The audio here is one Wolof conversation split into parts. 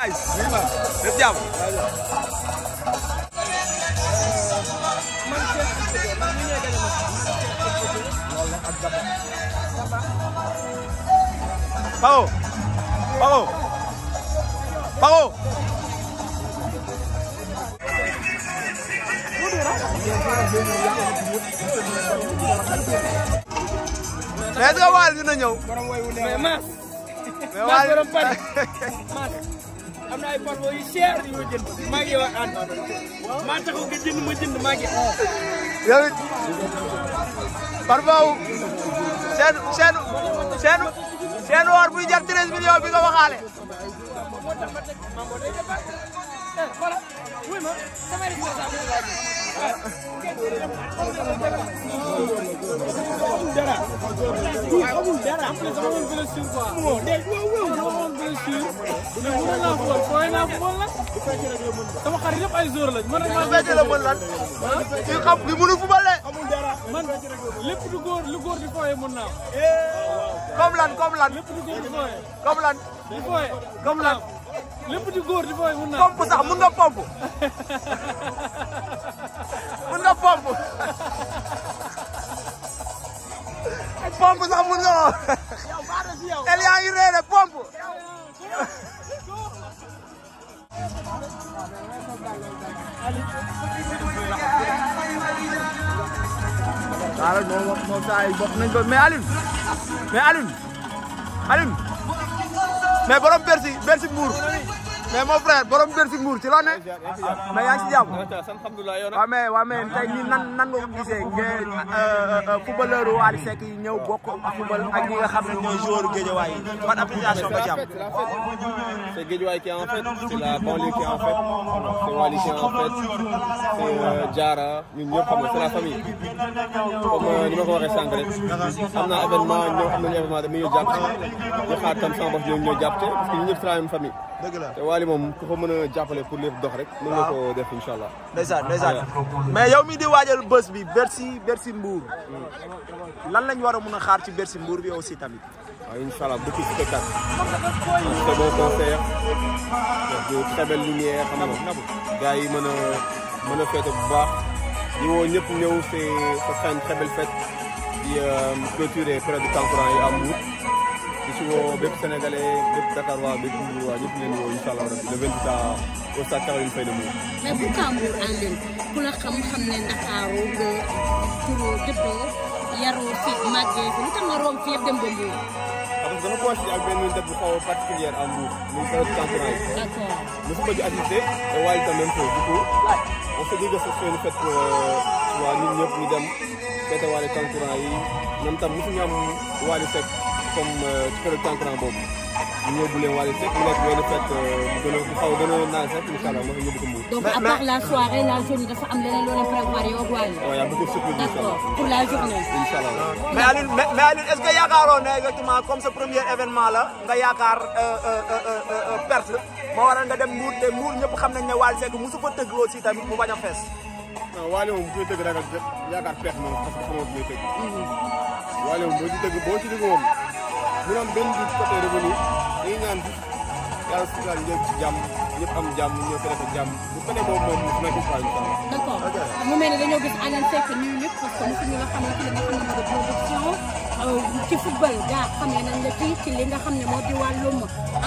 def jàmm Pao Pao Pao mais est-ce que waal dina ñëw mais waal am na ay parfum yu cher yu ma jënd maa ngi yow ak ànd maa taxaw ma jënd maa ngi. yow it parfum seen seen seen seen woor réussir mais mën naa fool fooy naa fool nag sama xarit yëpp ay jour lañ mën naa fekkee la mën lan ci xam bi mënu football de man lépp lu góor lu góor di fooyee mën naa comme lan comme lan lépp lu góor di fooyee comme lan di fooyee comme lan lépp di góor di fooyee mën naa pomp sax mën nga pomp mën nga pomp pomp sax mën nga el yaa ngi ree waaw moom moom saa yi bokk nañ ko mais Alioune mais Alioune Alioune mais borom Bercy Bercy Mbour. mais mon frère borom Bercy Mbour ci loo ne. mais yaa ngi ci jàmm. waaw mais waaw mais tey ñi nan nan nga ko gisee nga euh, euh, footballeur Wally Seck yi ñëw bokk football ak ñi nga xam ne ñooy joueur Guédiawaye yi ban appréciation nga ci am. c'est Guédiawaye qui en fait c'est la banlieue qui en fait c'est Wally qui en fait c'est euh, Diarra ñun ñëpp xam nga c'est la famille comme ni ma ko waxee sànq rek am na événement ñoo am nañu événement dañu ñëw jàpp ñu xaar tam sama bopp ñoo ñëw jàpp te parce que ñun ñëpp c'est la même famille. Wally moom ku ko mën a jàppale pour lépp dox rek. waaw mën nga ko def incha allah. Ah. Ah, mais yow mi di waajal bés bi Bercy Bercy Mbour. lan lañ war a mën a xaar ci bersi Mbour bi aussi tamit. waaw ah, incha allah beaucoup de spectacle. c'est bon concert. lumière xam nga gars yi mën a a fête bu baax. ñu woo ñëpp ñëw c'est ça sera une très belle fête. di euh, clôturer période de Kankourang yi di si woo bépp sénégalais bépp Dakar waa bépp Mbour waa ñëpp leen woo incha allah rabbi le 28 au stade Caroline Faye de Mbour. mais pourquoi Mbour en ligne ku la xam-xam ne Ndakaaru nga turoo dëppoo yaroo fi màggee fi lu tax nga romb fi yëpp dem ba Mbour. parce que dama coincé ak benn date bu xaw a particulière à Mbour muy période tempérance. d' accord mu fi ko ci assisté te waaye itam même chose du coup. on se dit que ce soit une fête waa euh, ñun ñëpp ñu dem feete waale concurrent yi même tam mosu ñu am waale fekk. comme euh, ci période cancan boobu ñu ñëw bu leen Wally Seck mu nekk benn fête euh, mu gën a xaw gën a naan sax incha allah moo tax ñu bëgg mu. donc à part la soirée la journée dafa am leneen loo leen préparé yow ak Wally. waaw y' a beaucoup de surprise d'accord pour la journée. incha allah mais Alioune mais Alioune est ce que yaakaaroon na exactement comme sa premier événement la nga yaakaar euh, perte moo waral nga dem Mbour te Mbour ñëpp xam nañ ne Wally Seck mosu fa tëgg aussi tamit mu bañ a fees. waaw Wally moom bu ñu koy tëgg ragal yaakaar perte moom parce que xam nga bu ñu koy tëgg. Mhm. Wally moom boo ci tëgg boo ci dugg moom. ñu am benn dugub côté revenu dañuy ñaan yàlla su daal ñëw ci jàmm ñëpp am jàmm ñëw ko defee jàmm bu ko defee moom moom nekk quoi ñu taxaw. d' accord mu mel ne dañoo gis Alioune Seck ñun ñëpp parce que mosu ñu nga xam ne ci li nga xam ne moo di production euh, ci football gaa xamee nañ la ci ci li nga xam ne moo di wàllum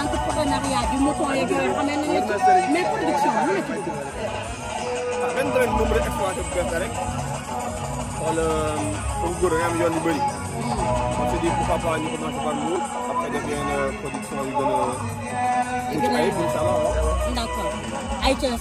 entrepreneuriat bi mouton yeeg yooyu xamee nañ la ci mais production lu la ci dugg. Ah, benn benn moom rek exploité bu bees rek wala pour góor nga am yoon yu bëri. on s'est dit pourquoi pas ñu par Mbour après def yenn euh, production yu gën a mucc ayib incha allah waaw. d' accord Aïcha c'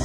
est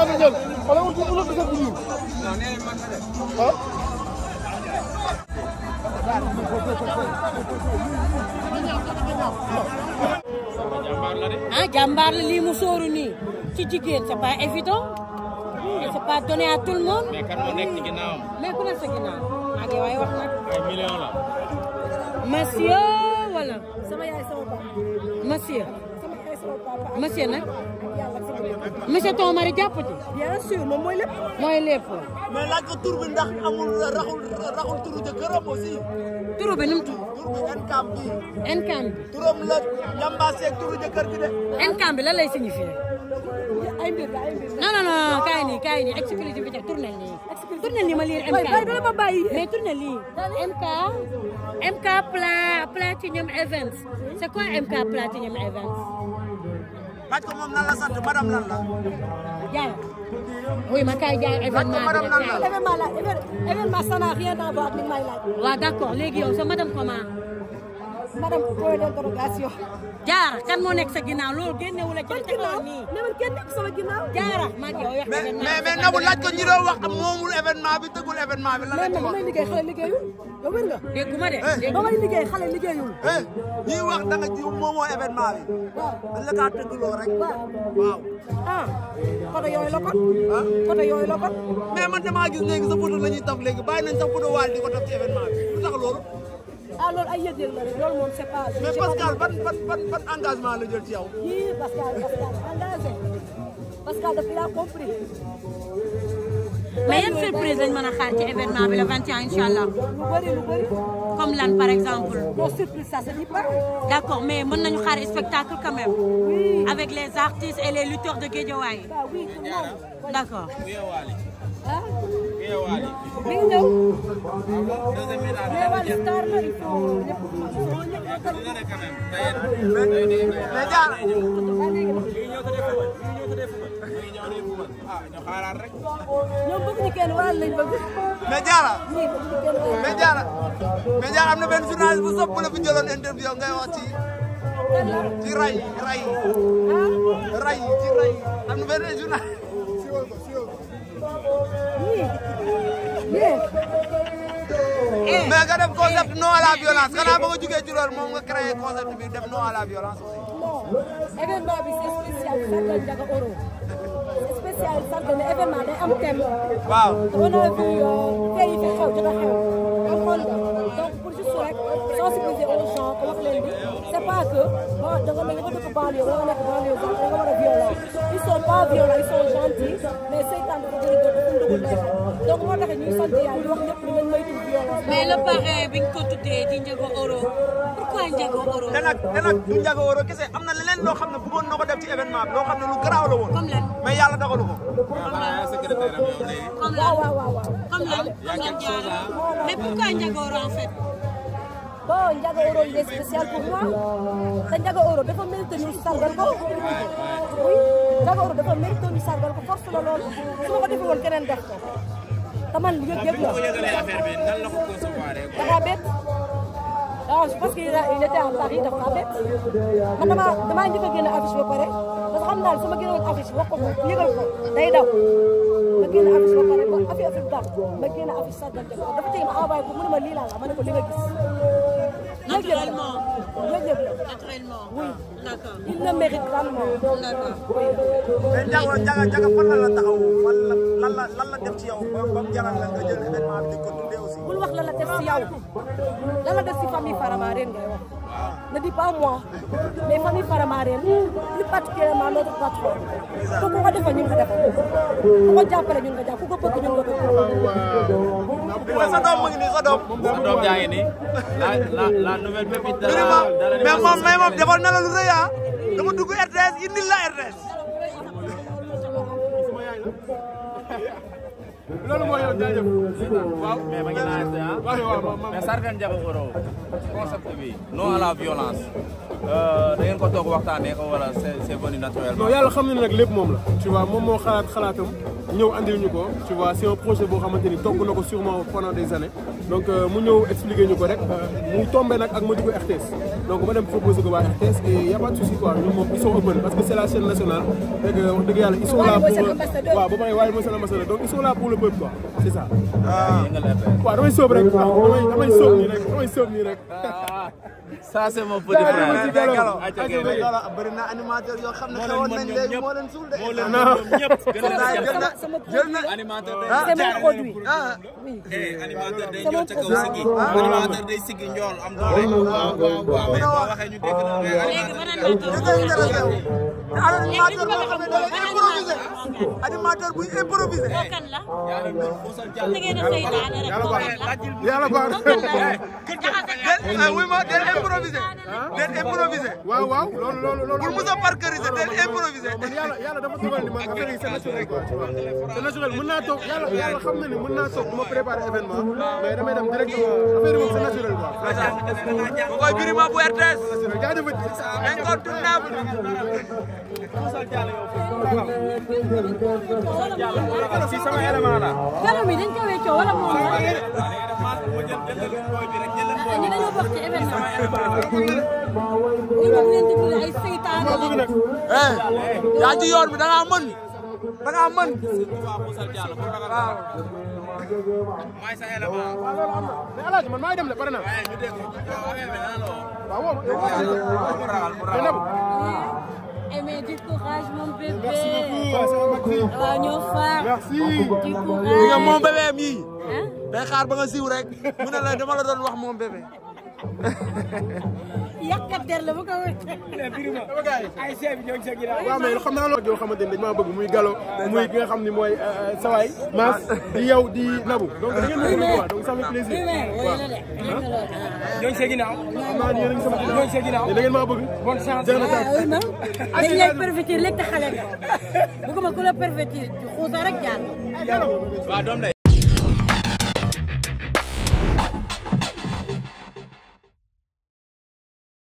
Sadio Dieng ah, la lii mu sóoru nii ci jigéen c'est pas évident et c'est pas donné à tout le monde. mais nekk ci ginnaawam. mais ku nekk ci ginnaaw ak yow ay wax nag. ay la. monsieur wala. sama yaay nag. monsieur Tomari jàpp ci. bien mooy lépp. mooy lépp. mais laaj ko tur bi ndax amul raxul raxul turu jëkkëram aussi. turu bi nu la yambaaseeg turu jëkkër gi de. encam la ay mbir la. non non non kaay nii kaay nii exclusivité tournel nii. tournel nii ma lire MK. waaye dina ma bàyyi. mais tournel lii. MK. MK Pla Platinum Events. c'est Events. laaj ko moom nan la sant madame lan la. Diagne. oui ma kay Diagne événement bi la Diagne événement la événement ça n'a rien à voir ak li may laaj. waaw d'accord léegi yow sa madame comment. madame point d'interrogation. jaara kan moo nekk sa ginnaaw loolu génnewu la ci li taxaw nii. man kenn nekk sama ginnaaw. wax événement mais mais Nabou ko ñi doon wax moomul événement bi tëggul événement bi. lan la ñu ma de. déggu ma liggéey xale eh. eh, wax danga ji moomoo événement bi. waaw dañ la kaa tëggloo rek. waaw. ah côté yooyu la la kon. mais man damaa gis léegi sa photo la ñuy taf léegi bàyyi nañ sa photo di ko taf ci événement bi lu tax loolu. ah loolu ay yëg-yëg la loolu moom c'est pas. mais Pascal ban ban ban engagement la jël ci yow. yii Pascal Pascal engagé Pascal daf laa compris. mais yan surprise lañ mën a xaar ci événement bi le 21 incha allah. lu bëri lu bëri. comme lan par exemple. non surprise ça se dit pas. d' accord mais mën nañu xaar spectacle quand même. oui avec les artistes et les lutteurs de Guédiawaye. ah oui tout le monde. d' accord. ah. mi ngi la il faut ñëpp am na benn journaliste bu sopp la bu jëloon interview ngay wax ci ci ray ray ray am na benn journaliste Eh. mais nga def concept non à la violence xanaa ba nga jugee ci loolu moom nga créé concept bi def non à la violence aussi. non événement bi c'est am thème. waaw on a vu euh, tey fi xew jot a xew. donc pour juste pas que bon da nga mel ni nga dëkk banlieue wala nekk banlieue sax da nga war a violent ils sont pas violents ils sont gentils mais seytaan dafa bëri doon dafa ndugul lay xam donc moo tax ñuy sant yàlla di wax ñëpp ni ngeen moytu violence. mais le parrain bi ñu ko tuddee di Ndiago Oro pourquoi Ndiago Oro. te nag te nag du Ndiago Oro kese am na leneen loo xam ne bëggoon na ko def ci événement bi loo xam ne lu garaaw la woon. comme lan mais yàlla dogalu ko. comme lan ah, comme lan waaw waaw waaw. comme lan comme lan mais pourquoi Ndiago Oro en fait. bon Ndiaga Euro il est spécial pour moi te Ndiaga Euro dafa mérite ñu sargal ko oui Ndiaga Euro dafa mérite ñu sargal ko force la lool su ma ko defee woon keneen def ko te man yëg yëg la. dafa bett ah je pense que il était en Paris dafa bett man damaa damaa njëkk a génn affiche ba pare parce que xam naa ne su ma génnoon affiche wax ko yëgal ko day daw. ma génn affiche ba pare ba affaire affaire bi daal ma génn affiche sargal ko dafa tey ma envoyé ko mu ne ma lii laa la ma ne ko li nga gis. Naturellement. Naturellement. Oui. D'accord. Il le mérite vraiment. D'accord. Mais Diaga Diaga Diaga fan la la taxaw la def ci yow ba ba la nga jël événement bi di ko aussi. bul wax lan la def ci yow lan la def ci famille Faramareen ngay wax. ne dis pas moi mais famille Faramareen plus particulièrement notre patron. ku ko defal ñu ngi ko defal ku ko jàppale ñu ngi ko jàpp ku ko bëgg ñu ngi ko bëgg. sa doom mu ngi nii sa doom. sa doom jaa ngi nii la la la nouvelle pépite. dara dara mais la lu rëy ah. dama dugg RTS indil la RTS. loolu mooy yow jaajëf. waaw mais ma ngi naan RTS ah. euh, ko toog waxtaanee ko wala c'est c'est venu naturellement. non yàlla xam na nag lépp moom la. tu vois moom moo xalaat xalaatam. ñëw andil ñu ko tu vois c'est un projet boo xamante ni togg na ko sûrement pendant des années donc euh, mu ñëw expliquer ñu ko rek euh, mu tombé nag ak ma dugg RTS donc ma dem proposé ko waa RTS et y a pas de moom ils sont parce que c'est la chaîne nationale rek wax dëgg yàlla ils sont là pour waaw c'est ça ah. waaw damay soob rek damay soob nii rek ça c'est mon petit frère bëri na animateur yoo xam ne xawoon nañ léegi moo leen suul de. moo leen ah. mën ñëpp gën a sama animateur day ñëw ah. ah. eh, ca kaw siggi animateur day siggi njool am doole waaw waaw mais boo waxee ñu dégg na léegi animateur buy improvisé yàlla ko ah oui ma del ah, improvisé. Ah, del improvisé. waaw waaw loolu loolu loolu. pour mos a parcuriser del improvisé. man dafa dogal ni man naa toog yàlla yàlla xam na ma préparer damay dem directement affaire yi moom c'est naturel quoi. bu koy bu RTS. wax eh, yaa ci yoon bi da ngaa mën da ngaa mën. waaw. Eh, eh, mais El Hadj man maa dem de pare naa. waaw. mais du courage mon bébé. waaw ñoo ba nga siiw rek mu ne la dama la doon wax moom yàqkat der la bu ko ay chef bi ñoo ngi sa ginnaaw waaw mais xam naa loolu yoo xamante ni dañ maa bëgg muy galo muy ki nga xam ni mooy euh, sawaay maas di yow di nabu donc da ngeen bëgg quoi donc ça fait plaisir waaw ñoo ngi sa ginnaaw xam naa ni yéen sama ñoo ngi sa ginnaaw da ngeen maa bëgg bonne chance ah, dañ lay pervertir léegi te xale nga bëgguma ku la pervertir xuusa rek jaar waaw doom lay